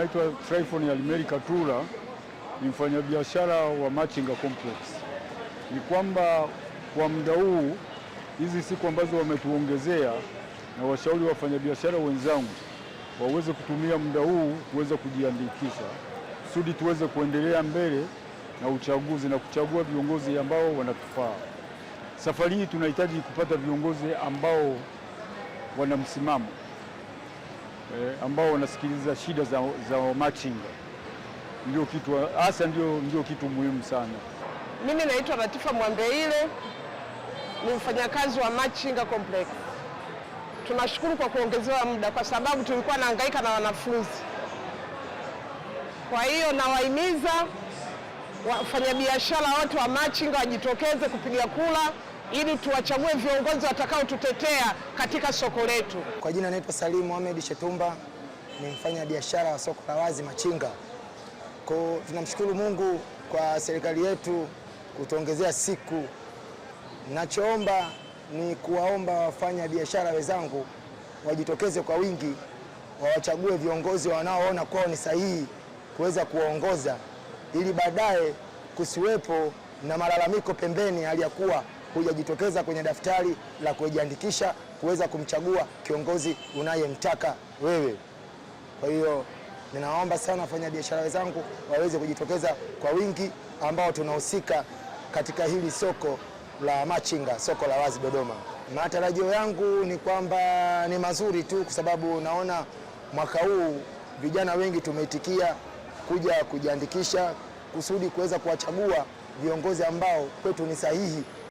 anaitwa Tryphon Alimeri katura ni mfanyabiashara wa Machinga Complex. Ni kwamba kwa muda huu hizi siku ambazo wametuongezea, na washauri wafanyabiashara wenzangu waweze kutumia muda huu kuweza kujiandikisha kusudi tuweze kuendelea mbele na uchaguzi na kuchagua viongozi ambao wanatufaa. Safari hii tunahitaji kupata viongozi ambao wana msimamo eh, ambao wanasikiliza shida za, za wamachinga ndio kitu hasa ndio, ndio kitu muhimu sana. Mimi naitwa Latifa Mwambeile, ni mfanyakazi wa Machinga Complex. Tunashukuru kwa kuongezewa muda, kwa sababu tulikuwa naangaika na wanafunzi. Kwa hiyo nawahimiza wafanyabiashara wote wa machinga wajitokeze kupiga kura ili tuwachague viongozi watakaotutetea katika soko letu. Kwa jina naitwa Salim Ahmed Shetumba, ni mfanya biashara wa soko la wazi Machinga. Kwa tunamshukuru Mungu kwa serikali yetu kutuongezea siku. Nachoomba ni kuwaomba wafanya biashara wenzangu wajitokeze kwa wingi, wawachague viongozi wanaoona kwao ni sahihi kuweza kuwaongoza, ili baadaye kusiwepo na malalamiko pembeni, hali ya kuwa hujajitokeza kwenye daftari la kujiandikisha kuweza kumchagua kiongozi unayemtaka wewe. Kwa hiyo ninaomba sana wafanyabiashara wenzangu waweze kujitokeza kwa wingi, ambao tunahusika katika hili soko la machinga, soko la wazi Dodoma. Matarajio yangu ni kwamba ni mazuri tu, kwa sababu naona mwaka huu vijana wengi tumeitikia kuja kujiandikisha kusudi kuweza kuwachagua viongozi ambao kwetu ni sahihi.